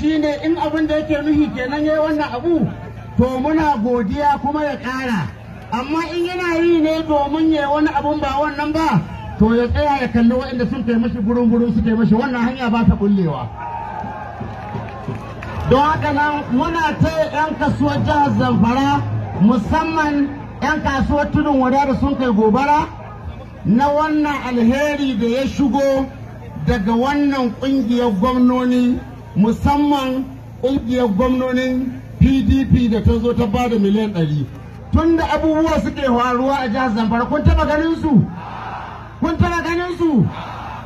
shine in abin da yake nufi kenan yayi wannan abu to muna godiya kuma ya ƙara amma in yana yi ne domin yayi wani abun ba wannan ba to ya tsaya ya kalli waɗanda sun kai mashi gurin gurin suke mashi wannan hanya ba ta bullewa don haka nan muna taya 'yan kasuwar jihar zamfara musamman 'yan kasuwar tudun wada da sun kai gobara na wannan alheri da ya shigo daga wannan ƙungiyar gwamnoni musamman ƙungiyar gwamnonin pdp da ta zo ta ba da miliyan ɗari tun da abubuwa suke faruwa a jihar zamfara kun taɓa ganin su kun taɓa ganin su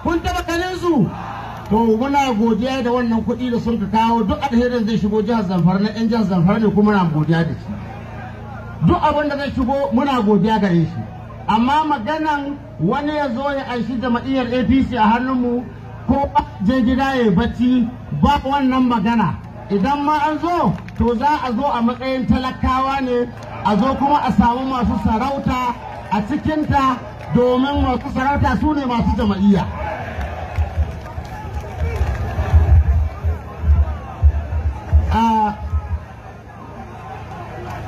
kun taɓa ganin su to muna godiya da wannan kuɗi da sun ka kawo duk alherin zai shigo jihar zamfara na 'yan jihar zamfara ne kuma na godiya da shi duk abin da zai shigo muna godiya gare shi amma maganan wani ya zo ya aishi jama'iyyar apc a hannunmu ko je gida ya bacci ba wannan magana idan ma an zo to za a zo a matsayin talakawa ne a zo kuma a samu masu sarauta a cikinta domin masu sarauta su ne masu jama'iyya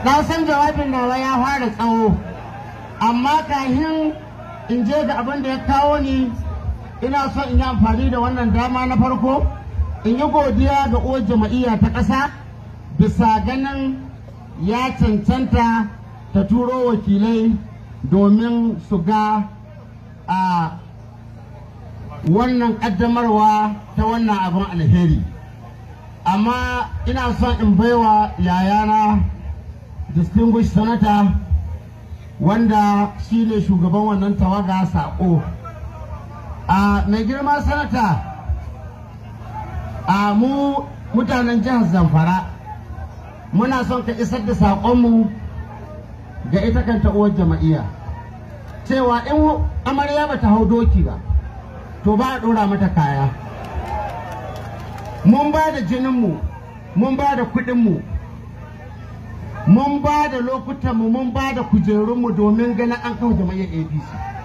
na san jawabin nawa ya fara tsawo amma kahin in je ga abin da ya kawo ni ina son in yi amfani da wannan dama na farko in yi godiya ga uwar jama'iyya ta ƙasa bisa ganin ya cancanta ta turo wakilai domin su ga a wannan ƙaddamarwa ta wannan abin alheri amma ina son in baiwa yayana distinguished senator wanda shi ne shugaban wannan tawaga saƙo a mai girma sanata a mu mutanen jihar zamfara muna son ka isar da saƙonmu ga ita kanta uwar jama'iyya cewa in amarya ba ta hau doki ba to ba a ɗora mata kaya mun ba da jininmu mun ba da kuɗinmu mun ba da lokutanmu mun ba da kujerunmu domin ganin an kawo jama'iyyar apc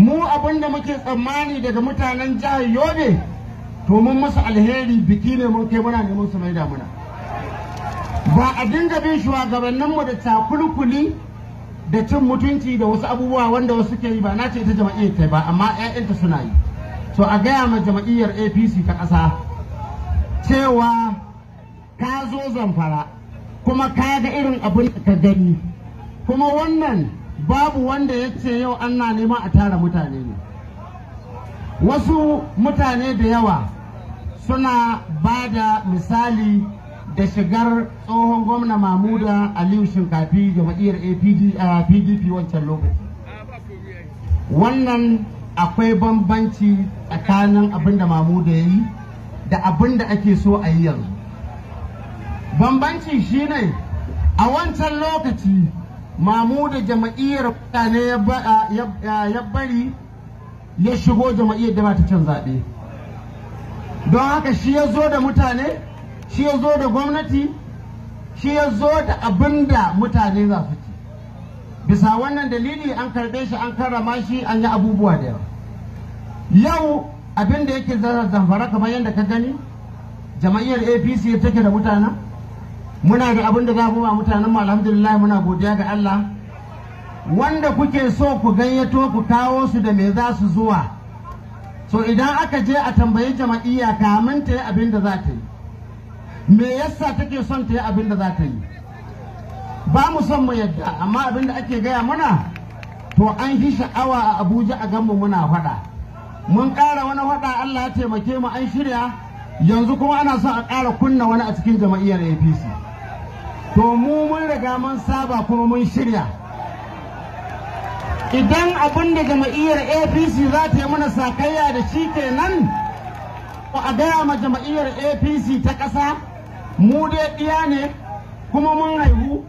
mu abin da muke tsammani daga mutanen jihar yobe to mun musu alheri biki ne mun kai muna neman su mai damuna ba a dinga bin mu da takulkuli da cin mutunci da wasu abubuwa wanda wasu ke yi ba na ce ita jama'iyyar ta ba amma ta suna yi to a gaya ma jama'iyyar apc ta ƙasa cewa ka zo zamfara kuma ka ga irin abin da ka gani kuma wannan babu wanda ya ce yau ana nema a tara mutane ne wasu mutane da yawa suna ba da misali da shigar tsohon gwamna mamuda aliyu shinkafi a pdp wancan lokaci wannan akwai bambanci tsakanin abin da mamuda ya yi da abin da ake so a yi yanzu bambanci shine a wancan lokaci mamu da jama'iyyar mutane ya bari ya shigo jama'iyyar da ba ta can zaɓe don haka shi ya zo da mutane shi ya zo da gwamnati shi ya zo da abin da mutane za su ci bisa wannan dalili an karɓe shi an karrama shi an yi abubuwa da yawa yau abin da yake zamfara kamar yadda ka gani jama'iyyar apc take da mutanen muna da abin da za ba mutanen alhamdulillah muna godiya ga Allah wanda kuke so ku ganyato ku kawo su da me za su zuwa so idan aka je a tambayi jama'iyya kamin ta yi abin da za ta yi me yasa take son ta yi abin da za ta yi ba mu son mu yadda amma abin da ake gaya muna to an shi sha'awa a Abuja a ganmu muna faɗa mun ƙara wani faɗa Allah ya taimake mu an shirya yanzu kuma ana son a ƙara kunna wani a cikin jama'iyyar APC to mu mun riga mun saba kuma mun shirya idan abin da jama'iyyar apc za ta yi mana sakayya da shi kenan a gaya ma jama'iyyar apc ta ƙasa mu dai ɗiya ne kuma mun haihu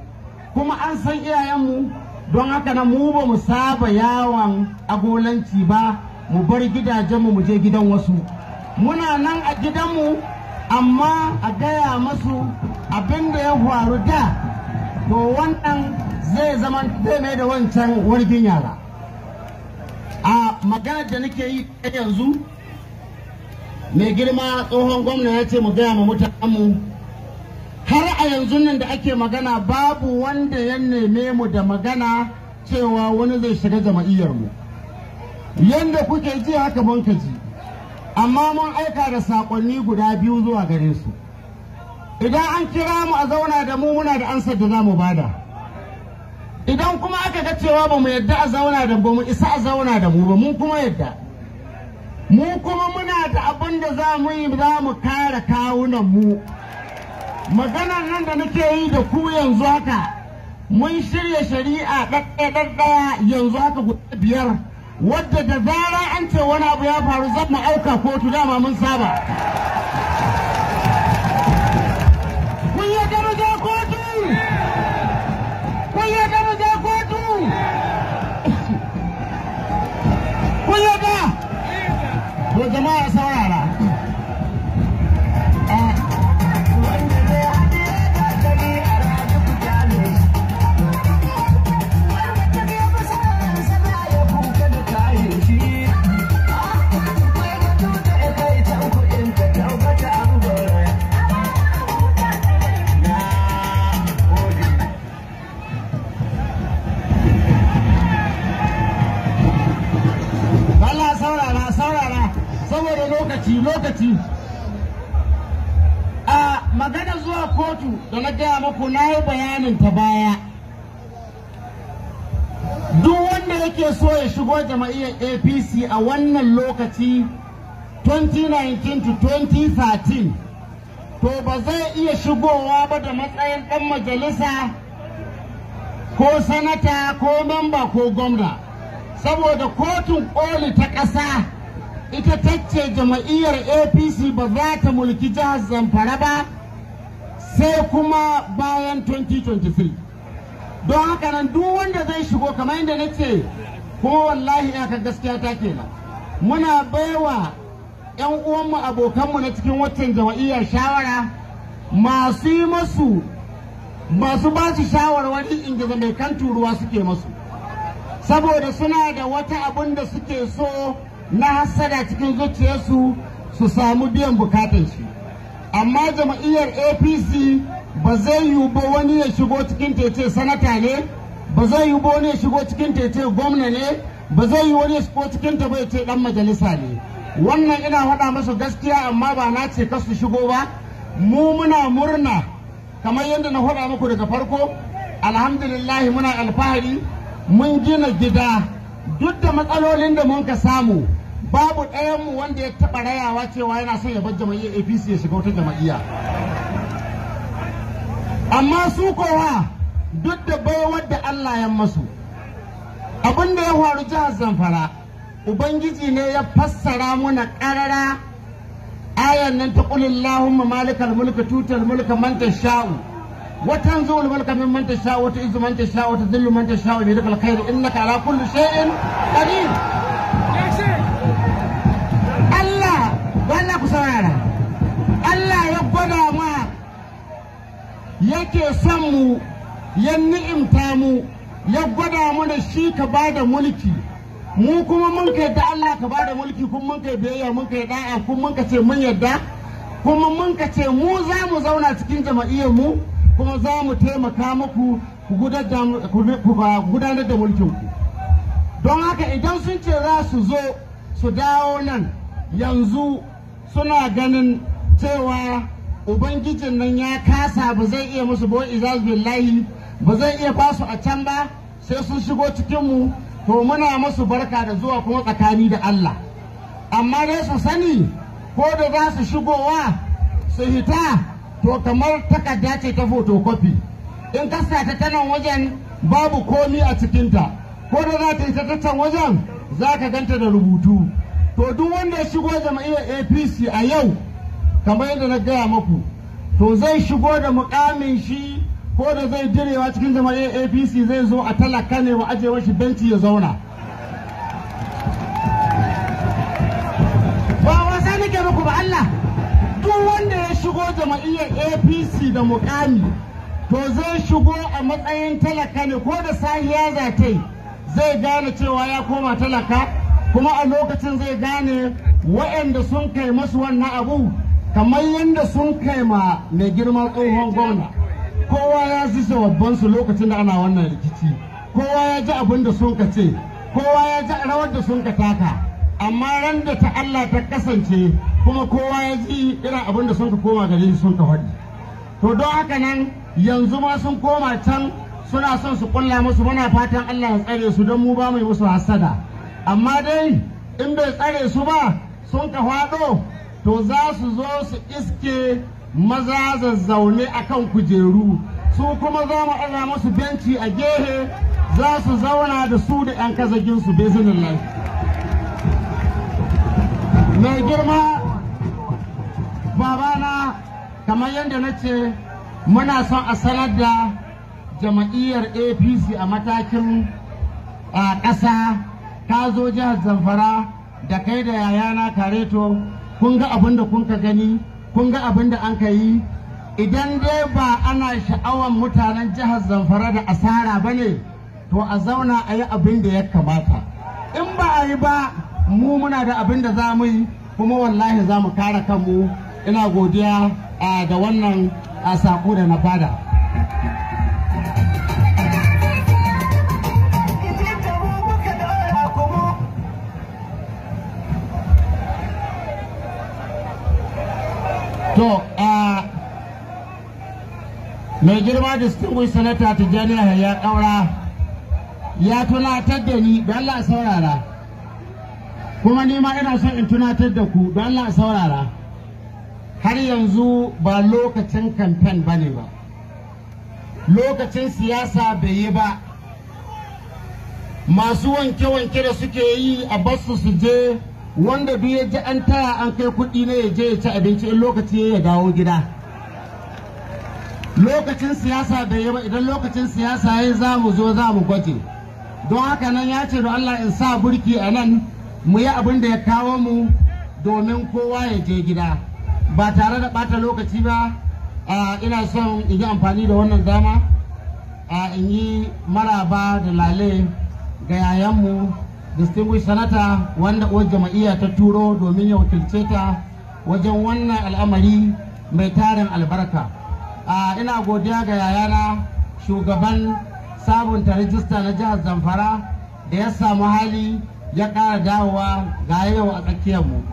kuma an san iyayenmu don haka na mu ba mu saba yawon agolanci ba mu bar gidajenmu mu je gidan wasu muna nan a gidanmu amma a gaya masu abin da ya faru da to wannan zai zama zai da wancan wargin yara a maganar da nake yi yanzu mai girma tsohon gwamna ya ce mu gaya ma mutanenmu har a yanzu nan da ake magana babu wanda ya neme mu da magana cewa wani zai shiga mu. yadda kuke ji haka mun ji amma mun aika da saƙonni guda biyu zuwa gare su idan an kira mu a zauna da mu muna da ansar da za mu bada idan kuma aka ga cewa ba mu yadda a zauna da ba mu isa a zauna da mu ba mun kuma yadda mu kuma muna da abin da za mu yi za mu kare kawunan mu maganar nan da nake yi da ku yanzu haka mun shirya shari'a ɗaɗɗaya yanzu haka guda biyar wadda da zara an ce wani abu ya faru zan mu auka kotu dama mun saba jama'a saurara lokaci a magana zuwa kotu da na gaya muku na yi bayanin ta baya duk wanda yake so ya shigo jama'iyyar apc a wannan lokaci 2019 to 2013 to ba zai iya shigowa ba da matsayin ɗan majalisa ko sanata ko memba ko gwamna saboda kotun koli ta ƙasa ita ta ce jama'iyyar apc ba za ta mulki jihar zamfara ba sai kuma bayan 2023 don haka nan duk wanda zai shigo kamar yadda na ce kuma wallahi ya ka gaskiya ta kenan muna baiwa 'yan uwanmu abokanmu na cikin watan jama'iyyar shawara masu yi masu masu ba su shawarwari ingiza mai kan turuwa suke masu saboda suna da wata abun da suke so na hassada cikin zuciyarsu su samu biyan bukatar shi amma jama'iyyar apc ba zai yiwu ba wani ya shigo cikin tece sanata ne ba zai yiwu ba wani ya shigo cikin tece gwamna ne ba zai yiwu wani ya shigo cikin ta bai ce dan majalisa ne wannan ina faɗa masa gaskiya amma ba na ce kasu shigo ba mu muna murna kamar yadda na faɗa muku daga farko alhamdulillah muna alfahari mun gina gida duk da matsalolin da mun ka samu babu ɗayanmu wanda ya taɓa rayawa cewa yana son ya bar jama'iyyar apc ya shiga wata jama'iyya amma su kowa duk da baiwar da allah ya masu abin da ya faru jihar zamfara ubangiji ne ya fassara muna ƙarara ayan nan ta ƙulin lahumma malikal mulka tutar mulka manta sha'u watan wani mulka min manta sha'u wata izu manta sha'u wata zillu manta sha'u bi dukkan khairu innaka ala kulli shay'in qadir yake son mu ya ni'imta mu ya gwada mu da shi ka ba da mulki mu kuma mun ka da Allah ka ba da mulki kun mun ka biyayya mun ka da'a kun mun ka ce mun yadda kuma mun ka ce mu za mu zauna cikin jama'iyyar mu kuma za mu taimaka muku ku gudanar da mulkin ku don haka idan sun ce za su zo su dawo nan yanzu suna ganin cewa ubangijin nan ya kasa ba zai iya musu bo izaz billahi ba zai iya basu a can ba sai sun shigo cikin mu to muna musu barka da zuwa kuma tsakani da Allah amma dai su sani ko da za su shigowa su hita to kamar takarda ce ta photocopy in kasa ta tanan wajen babu komi a cikinta ko da za ta yi ta wajen za ka ganta da rubutu to duk wanda ya shigo jama'iyyar apc a yau kamar yadda na gaya maku to zai shigo da mukamin shi ko da zai direwa cikin jama'a apc zai zo a talaka ne wa ajewa shi benci ya zauna ba wasa nake muku ba Allah duk wanda ya shigo jama'a apc da mukami to zai shigo a matsayin talaka ne ko da sahiya za ta zai gane cewa ya koma talaka kuma a lokacin zai gane waɗanda sun kai masu wannan abu kamar yadda sun kai ma mai girman tsohon gwamna kowa ya babban su lokacin da ana wannan rikici kowa ya ji abin da sun ka kowa ya ji rawar da sun ka taka amma ran da ta Allah ta kasance kuma kowa ya ji irin abin da sun ka koma gare sun ka faɗi to don haka nan yanzu ma sun koma can suna son su kulla musu muna fatan Allah ya tsare su don mu ba mai musu hasada amma dai in bai tsare su ba sun ka faɗo to za su zo su iske maza zaune a kan kujeru su kuma za mu ɗaga musu benci a gehe za su zauna da su da 'yan kazaginsu bezinin nan mai girma babana kamar yadda na ce muna son a sanar da jama'iyyar apc a matakin a ƙasa ta zo jihar zamfara da kai da yayana kareto kun ga abin da kun ka gani kun ga abin da an ka yi idan dai ba ana sha'awan mutanen jihar zamfara da asara ba ne to a zauna a yi abin da ya kamata in ba a yi ba mu muna da abin da za mu yi kuma wallahi za mu kare kanmu ina godiya ga wannan a sako da na fada. to a mai girma sanata ta janiyar ya ƙaura ya tunatar da ni don la saurara kuma nima ma ina son in tunatar da ku don la saurara har yanzu ba lokacin kamfen ba ne ba lokacin siyasa bai yi ba masu wanke-wanke da suke yi a basu su je wanda duk ya ji an taya an kai kuɗi ne ya je ya ci abinci in lokaci ya dawo gida lokacin siyasa da yawa idan lokacin siyasa ya za mu zo za mu gwaje don haka nan ya ce da Allah in sa burki a nan mu yi abin da ya kawo mu domin kowa ya je gida ba tare da ɓata lokaci ba ina son in yi amfani da wannan dama in yi maraba da lale ga yayanmu distinguished senator wanda uwar jama'iyya ta turo domin ya wakilce ta wajen wannan al'amari mai tarin albarka ina godiya ga yayana shugaban sabunta rajista na jihar zamfara da ya samu hali ya ƙara dawowa ga yau a tsakiyarmu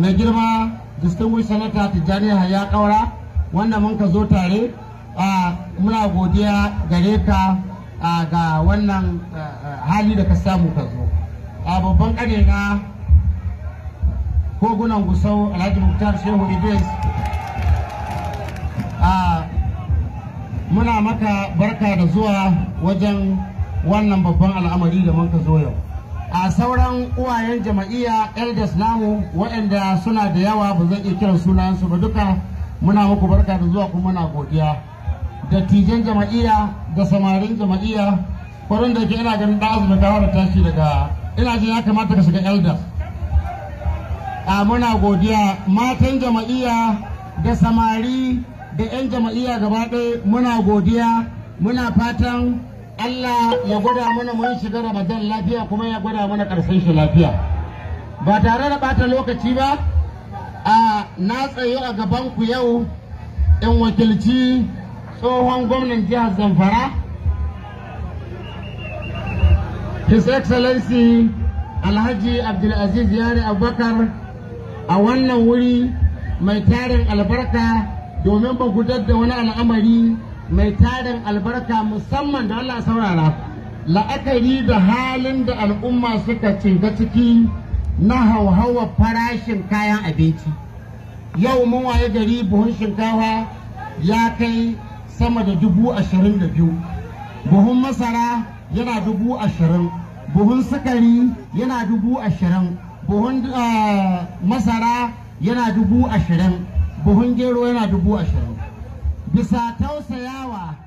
mai girma distinguished senator tijjani ya kaura wanda mun ka zo tare muna godiya gare ka ga wannan hali da ka samu ka zo a babban kare na kogunan gusau alhaji muktar shehu idris a muna maka barka da zuwa wajen wannan babban al'amari da manka zo yau a sauran uwayen jama'iya elders namu waɗanda suna da yawa ba zan iya kiran sunayensu ba duka muna muku barka da zuwa kuma muna godiya Da tijen jama'iya da samarin jama'iya, kwarin da ke ina ganin da azumi da tashi daga ina jin ya kamata ka shiga elders a muna godiya matan jama'iyya da samari da 'yan jama'iyya gaba ɗaya muna godiya muna fatan Allah ya gwada mana mun shiga Ramadan lafiya kuma ya gwada mana ƙarshen shi lafiya ba tare da bata lokaci ba a na tsayo a gaban ku yau in wakilci tsohon gwamnan jihar Zamfara His Excellency Alhaji Abdulaziz Yari Abubakar a wannan wuri mai tarin albarka domin ba gudar da wani al'amari mai tarin albarka musamman da Allah saurara la'akari da halin da al'umma suka cinga ciki na hauhawa farashin kayan abinci yau mun waye gari buhun shinkawa ya kai sama da dubu ashirin da biyu buhun masara yana dubu ashirin buhun sukari yana dubu ashirin buhun ah, masara yana dubu ashirin buhun gero yana dubu ashirin bisa tausayawa